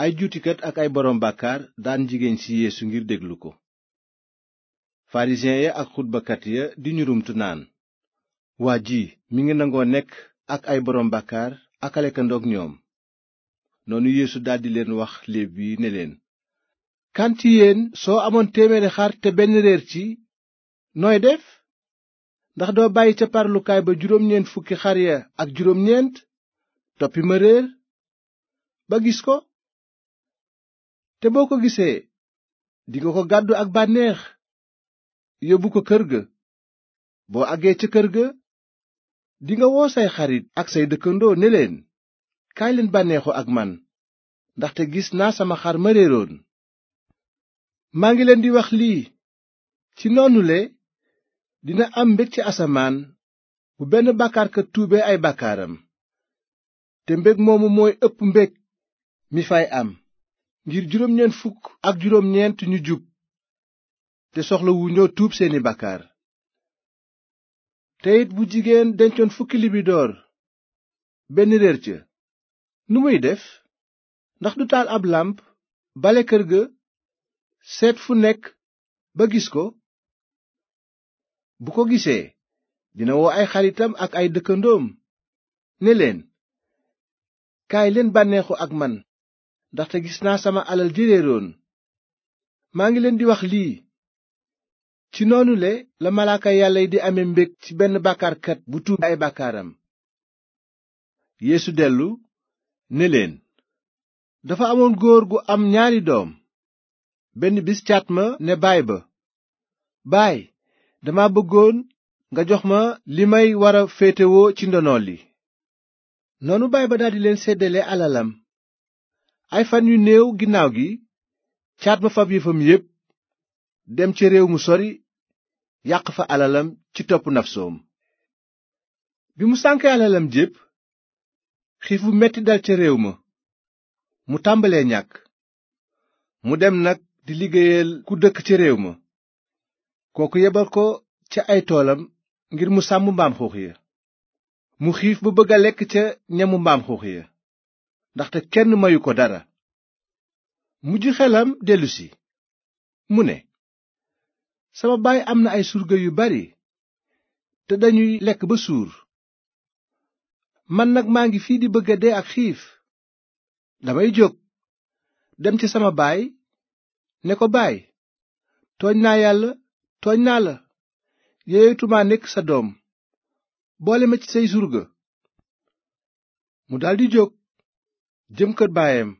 ay juutikat ak ay boroom bàkkaar daan jigéen ci yeesu ngir déglu ko farisiyen ya ak xutbakat ya di ñurumtu naan waa ji mi ngi nangoo nekk ak ay boroom bàkkaar ak alekandoog ñoom noonu yeesu daldi leen wax léeb yi ne leen kan ci soo amoon téeméeri xar te benn réer ci nooy def ndax doo bàyyi ca parlukaay ba juróom ñeent fukki xar ya ak juróom ñeent toppi ma réer ba gis ko te boo ko gisee dinga ko gàddu ak bànneex yóbbu ko kër ga boo àggee ca kër ga dinga woo say xarit ak say dëkkandoo ne leen kaay leen bànneexu ak man ndaxte gis naa sama xar ma réeroon maa ngi leen di wax lii ci noonule dina am mbég ci asamaan bu benn bàkkaarkat tuubee ay bàkkaaram te mbég moomu mooy ëpp mbég mi fay am ngir juróom ak juróom ñu te soxlawu ñoo seeni bàkkaar te bu jigéen dencoon fukki libidoor benn réer ca nu muy def ndax du taal ab làmp bale kër ga seet fu nekk ba gis ko bu ko gisee dina woo ay xaritam ak ay dëkkandoom ne leen kaay leen bànneexu ak man ndaxte gis naa sama alal ji maa ngi leen di wax lii ci noonu la malaaka yàlla yi di amee mbég ci benn bàkkaarkat bu tuub ay bàkkaaram yéesu dellu ne leen dafa amoon góor gu am ñaari doom benn bis caat ma ne baay ba baay dama bëggoon nga jox ma li may war a féetewoo ci ndono li noonu baay ba daldi leen seddale alalam ay fan yu néew ginnaaw gi caat ba fab yëfam yépp dem ca réew mu sori yàq fa alalam ci topp nafsoom bi mu sànkee alalam jépp xiif bu metti dal ca réew ma mu tàmbalee ñàkk mu dem nag di liggéeyal ku dëkk ca réew ma kooku yebal ko ca ay toolam ngir mu sàmm mbaam xuux ya mu xiif ba bëgg a lekk ca ñamu mbaam xuux ya ndaxte kenn mayu ko dara mujj xelam dellusi mu ne sama baay am na ay surga yu bari te dañuy lekk ba suur man nag maa ngi fii di bëgg a dee ak xiif damay jóg dem ci sama baay ne ko baay tooñ naa yàlla tooñ naa la yeeyatumaa nekk sa doom boole ma ci say surga mu daldi jóg jëm kër baayam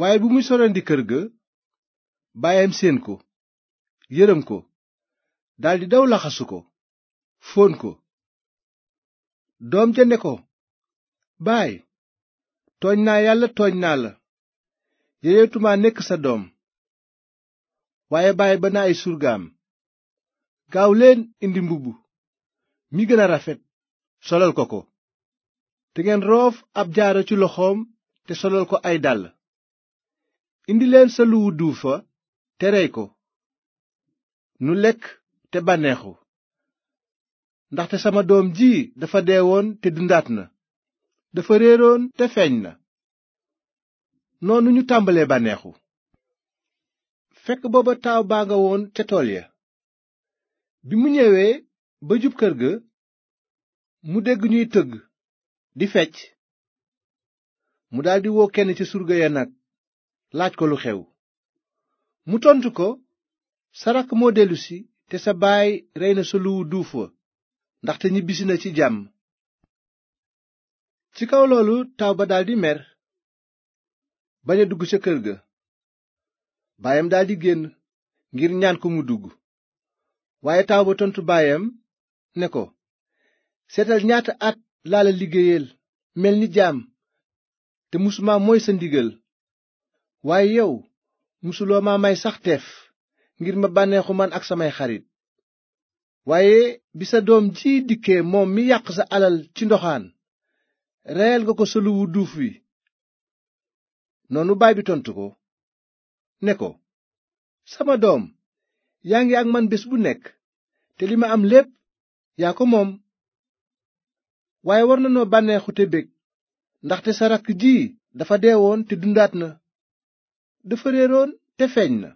waaye bu muy sorandi kër ga baayam seen ko yërëm ko daldi daw laxasu ko fóon ko doom ja ne ko baay tooñ naa yàlla tooñ naa la yeyeetumaa nekk sa doom waaye baay ba na ay surgaam gaaw leen indi mbubb mi gëna rafet solal ko ko te ngeen roof ab jaaro ci loxoom te solal ko ay dàll indileen sa luwu duufa te rey ko nu lekk te bànneexu ndaxte sama doom ji dafa deewoon te dundaat na dafa réeroon te feeñ na noonu ñu tàmbalee bànneexu fekk booba taaw baa nga woon ca tool ya bi mu ñewee ba jub kër ga mu dégg ñuy tëgg di fecc mu daldi woo kenn ca surga ya nag laaj ko lu xew mu tontu ko sa rakk moo dellusi te sa baay rey na sa luwu duuf wa ndaxte ñibbisi na ci jàmm ci kaw loolu taw ba daldi mer baña dugg ca kër ga baayam daldi génn ngir ñaan ko mu dugg waaye taaw ba tontu baayam ne ko seetal ñaata at laa la mel ni jàmm te musuma mooy sa ndigal waaye yow musuloo ma may sax teef ngir ma bànneexu man ak samay xarit waaye bi sa doom ji dikkee moom mi yàq sa alal ci ndoxaan reyal nga ko sa luwu duuf wi noonu baay bi tontu ko ne ko sama doom yaa ngi ak man bés bu nekk te li ma am lépp yaa ko moom waaye war na noo bànneexu te bég ndaxte sa rakk ji dafa deewoon te dundaat na dafa reeroon te feeñ na